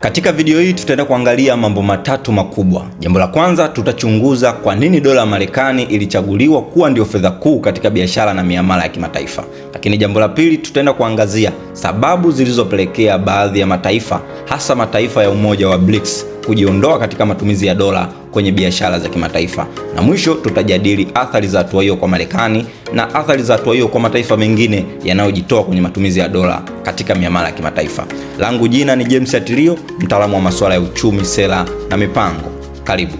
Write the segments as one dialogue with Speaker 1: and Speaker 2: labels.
Speaker 1: Katika video hii tutaenda kuangalia mambo matatu makubwa. Jambo la kwanza, tutachunguza kwa nini dola ya Marekani ilichaguliwa kuwa ndio fedha kuu katika biashara na miamala ya kimataifa. Lakini jambo la pili, tutaenda kuangazia sababu zilizopelekea baadhi ya mataifa hasa mataifa ya Umoja wa BRICS kujiondoa katika matumizi ya dola kwenye biashara za kimataifa, na mwisho tutajadili athari za hatua hiyo kwa Marekani na athari za hatua hiyo kwa mataifa mengine yanayojitoa kwenye matumizi ya dola katika miamala ya kimataifa. Langu jina ni James Atilio, mtaalamu wa masuala ya uchumi, sera na mipango. Karibu.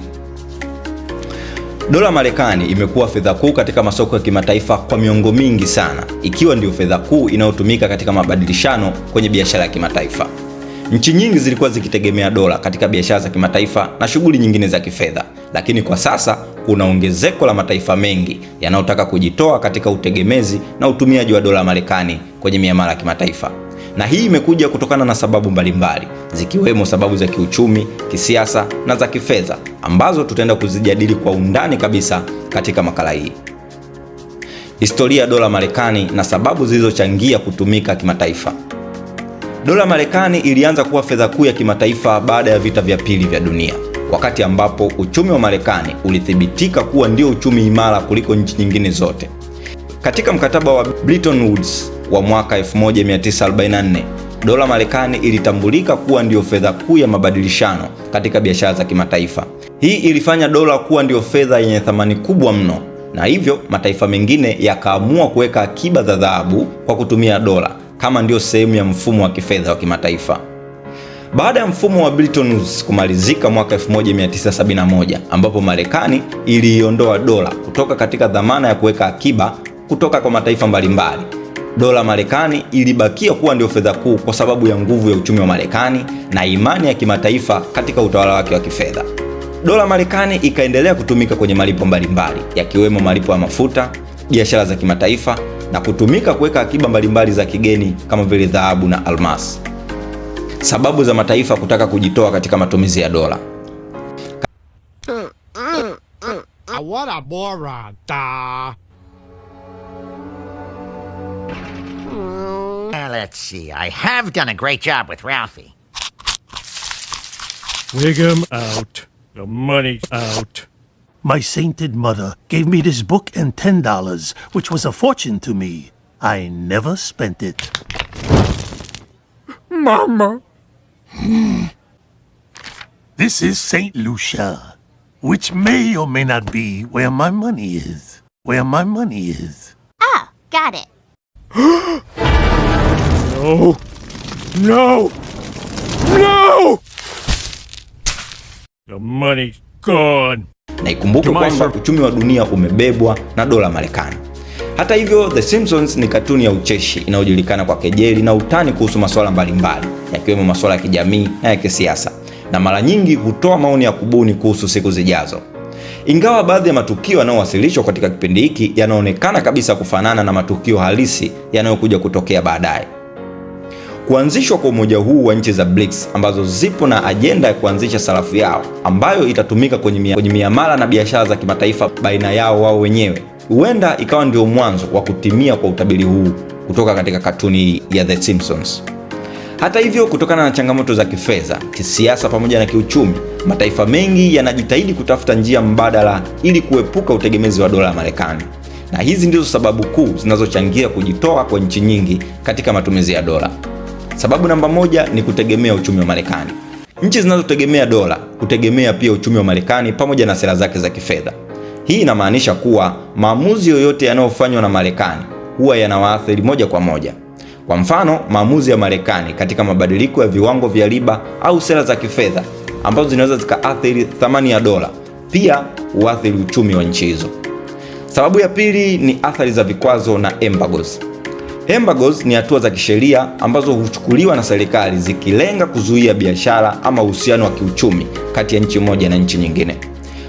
Speaker 1: Dola Marekani imekuwa fedha kuu katika masoko ya kimataifa kwa miongo mingi sana, ikiwa ndiyo fedha kuu inayotumika katika mabadilishano kwenye biashara ya kimataifa. Nchi nyingi zilikuwa zikitegemea dola katika biashara za kimataifa na shughuli nyingine za kifedha, lakini kwa sasa kuna ongezeko la mataifa mengi yanayotaka kujitoa katika utegemezi na utumiaji wa dola ya Marekani kwenye miamala ya kimataifa. Na hii imekuja kutokana na sababu mbalimbali zikiwemo sababu za kiuchumi, kisiasa na za kifedha ambazo tutaenda kuzijadili kwa undani kabisa katika makala hii. Historia ya dola Marekani na sababu zilizochangia kutumika kimataifa. Dola Marekani ilianza kuwa fedha kuu ya kimataifa baada ya vita vya pili vya dunia, wakati ambapo uchumi wa Marekani ulithibitika kuwa ndio uchumi imara kuliko nchi nyingine zote. Katika mkataba wa Bretton Woods wa mwaka 1944, dola Marekani ilitambulika kuwa ndiyo fedha kuu ya mabadilishano katika biashara za kimataifa. Hii ilifanya dola kuwa ndiyo fedha yenye thamani kubwa mno, na hivyo mataifa mengine yakaamua kuweka akiba za dhahabu kwa kutumia dola kama ndio sehemu ya mfumo wa kifedha wa kimataifa. Baada ya mfumo wa Bretton Woods kumalizika mwaka 1971 ambapo Marekani iliiondoa dola kutoka katika dhamana ya kuweka akiba kutoka kwa mataifa mbalimbali, dola Marekani ilibakia kuwa ndio fedha kuu kwa sababu ya nguvu ya uchumi wa Marekani na imani ya kimataifa katika utawala wake wa kifedha. Dola Marekani ikaendelea kutumika kwenye malipo mbalimbali yakiwemo malipo ya mafuta, biashara za kimataifa na kutumika kuweka akiba mbalimbali za kigeni kama vile dhahabu na almasi. Sababu za mataifa kutaka kujitoa katika matumizi ya dola. Uh, let's see. I have done a great job with Ralphie. Wig him out. The money's out. My sainted mother gave me this book and ten dollars, which was a fortune to me. I never spent it. Mama. this is St. Lucia, which may or may not be where my money is. Where my money is. Oh, got it. no. No. No! The money's gone. na ikumbuke kwamba uchumi wa dunia umebebwa na dola Marekani. Hata hivyo, The Simpsons ni katuni ya ucheshi inayojulikana kwa kejeli na utani kuhusu masuala mbalimbali yakiwemo masuala ya kijamii na ya kisiasa, na mara nyingi hutoa maoni ya kubuni kuhusu siku zijazo. Ingawa baadhi ya matukio yanayowasilishwa katika kipindi hiki yanaonekana kabisa kufanana na matukio halisi yanayokuja kutokea baadaye. Kuanzishwa kwa umoja huu wa nchi za BRICS ambazo zipo na ajenda ya kuanzisha sarafu yao ambayo itatumika kwenye miamala na biashara za kimataifa baina yao wao wenyewe, huenda ikawa ndio mwanzo wa kutimia kwa utabiri huu kutoka katika katuni ya The Simpsons. Hata hivyo, kutokana na changamoto za kifedha, kisiasa pamoja na kiuchumi, mataifa mengi yanajitahidi kutafuta njia mbadala ili kuepuka utegemezi wa dola ya Marekani, na hizi ndizo sababu kuu zinazochangia kujitoa kwa nchi nyingi katika matumizi ya dola. Sababu namba moja ni kutegemea uchumi wa Marekani. Nchi zinazotegemea dola hutegemea pia uchumi wa Marekani pamoja na sera zake za kifedha. Hii inamaanisha kuwa maamuzi yoyote yanayofanywa na Marekani huwa yanawaathiri moja kwa moja. Kwa mfano, maamuzi ya Marekani katika mabadiliko ya viwango vya riba au sera za kifedha ambazo zinaweza zikaathiri thamani ya dola, pia huathiri uchumi wa nchi hizo. Sababu ya pili ni athari za vikwazo na embargoes. Embargoes ni hatua za kisheria ambazo huchukuliwa na serikali zikilenga kuzuia biashara ama uhusiano wa kiuchumi kati ya nchi moja na nchi nyingine.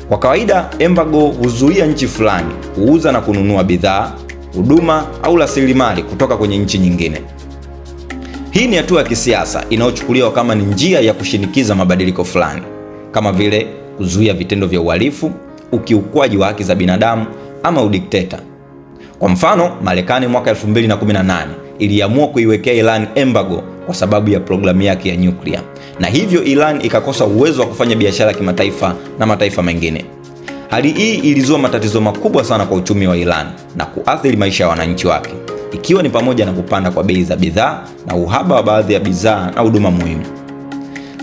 Speaker 1: Kwa kawaida, embargo huzuia nchi fulani kuuza na kununua bidhaa, huduma au rasilimali kutoka kwenye nchi nyingine. Hii ni hatua ya kisiasa inayochukuliwa kama ni njia ya kushinikiza mabadiliko fulani, kama vile kuzuia vitendo vya uhalifu, ukiukwaji wa haki za binadamu ama udikteta. Kwa mfano, Marekani mwaka 2018 iliamua kuiwekea Iran embargo kwa sababu ya programu yake ya nyuklia, na hivyo Iran ikakosa uwezo wa kufanya biashara ya kimataifa na mataifa mengine. Hali hii ilizua matatizo makubwa sana kwa uchumi wa Iran na kuathiri maisha ya wananchi wake, ikiwa ni pamoja na kupanda kwa bei za bidhaa na uhaba wa baadhi ya bidhaa na huduma muhimu.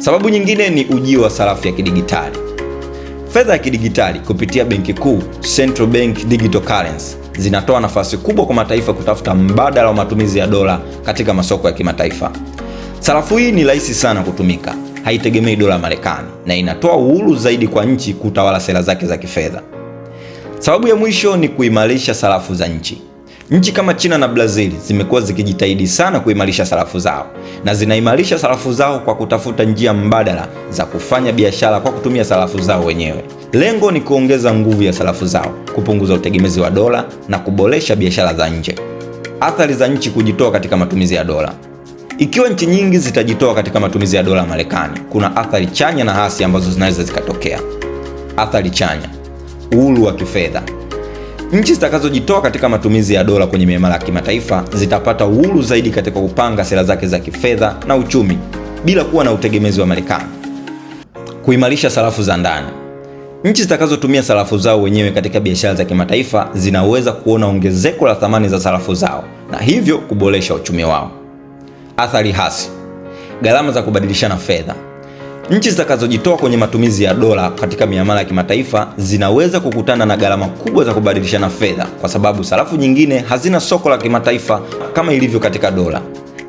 Speaker 1: Sababu nyingine ni ujio wa sarafu ya kidigitali. Fedha ya kidigitali kupitia benki kuu, central bank digital currency, zinatoa nafasi kubwa kwa mataifa kutafuta mbadala wa matumizi ya dola katika masoko ya kimataifa. Sarafu hii ni rahisi sana kutumika, haitegemei dola ya Marekani na inatoa uhuru zaidi kwa nchi kutawala sera zake za kifedha. Sababu ya mwisho ni kuimarisha sarafu za nchi. Nchi kama China na Brazil zimekuwa zikijitahidi sana kuimarisha sarafu zao na zinaimarisha sarafu zao kwa kutafuta njia mbadala za kufanya biashara kwa kutumia sarafu zao wenyewe. Lengo ni kuongeza nguvu ya sarafu zao, kupunguza utegemezi wa dola na kuboresha biashara za nje. Athari za nchi kujitoa katika matumizi ya dola. Ikiwa nchi nyingi zitajitoa katika matumizi ya dola ya Marekani, kuna athari chanya na hasi ambazo zinaweza zikatokea. Athari chanya: uhuru wa kifedha. Nchi zitakazojitoa katika matumizi ya dola kwenye miamala ya kimataifa zitapata uhuru zaidi katika kupanga sera zake za kifedha na uchumi bila kuwa na utegemezi wa Marekani. Kuimarisha sarafu za ndani. Nchi zitakazotumia sarafu zao wenyewe katika biashara za kimataifa zinaweza kuona ongezeko la thamani za sarafu zao na hivyo kuboresha uchumi wao. Athari hasi: gharama za kubadilishana fedha. Nchi zitakazojitoa kwenye matumizi ya dola katika miamala ya kimataifa zinaweza kukutana na gharama kubwa za kubadilishana fedha, kwa sababu sarafu nyingine hazina soko la kimataifa kama ilivyo katika dola.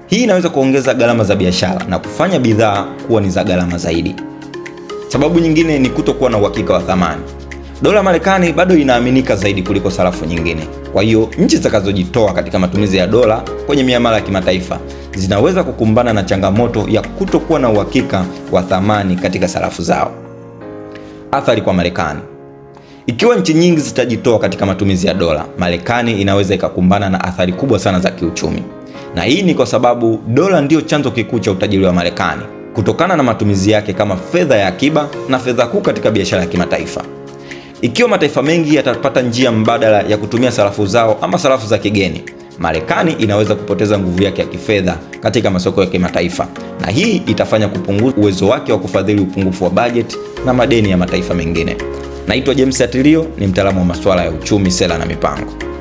Speaker 1: Hii inaweza kuongeza gharama za biashara na kufanya bidhaa kuwa ni za gharama zaidi. Sababu nyingine ni kutokuwa na uhakika wa thamani. Dola ya Marekani bado inaaminika zaidi kuliko sarafu nyingine. Kwa hiyo nchi zitakazojitoa katika matumizi ya dola kwenye miamala ya kimataifa zinaweza kukumbana na changamoto ya kutokuwa na uhakika wa thamani katika sarafu zao. Athari kwa Marekani. Ikiwa nchi nyingi zitajitoa katika matumizi ya dola, Marekani inaweza ikakumbana na athari kubwa sana za kiuchumi, na hii ni kwa sababu dola ndiyo chanzo kikuu cha utajiri wa Marekani kutokana na matumizi yake kama fedha ya akiba na fedha kuu katika biashara ya kimataifa. Ikiwa mataifa mengi yatapata njia mbadala ya kutumia sarafu zao ama sarafu za kigeni, Marekani inaweza kupoteza nguvu yake ya kifedha katika masoko ya kimataifa, na hii itafanya kupunguza uwezo wake wa kufadhili upungufu wa bajeti na madeni ya mataifa mengine. Naitwa James Atilio, ni mtaalamu wa masuala ya uchumi, sera na mipango.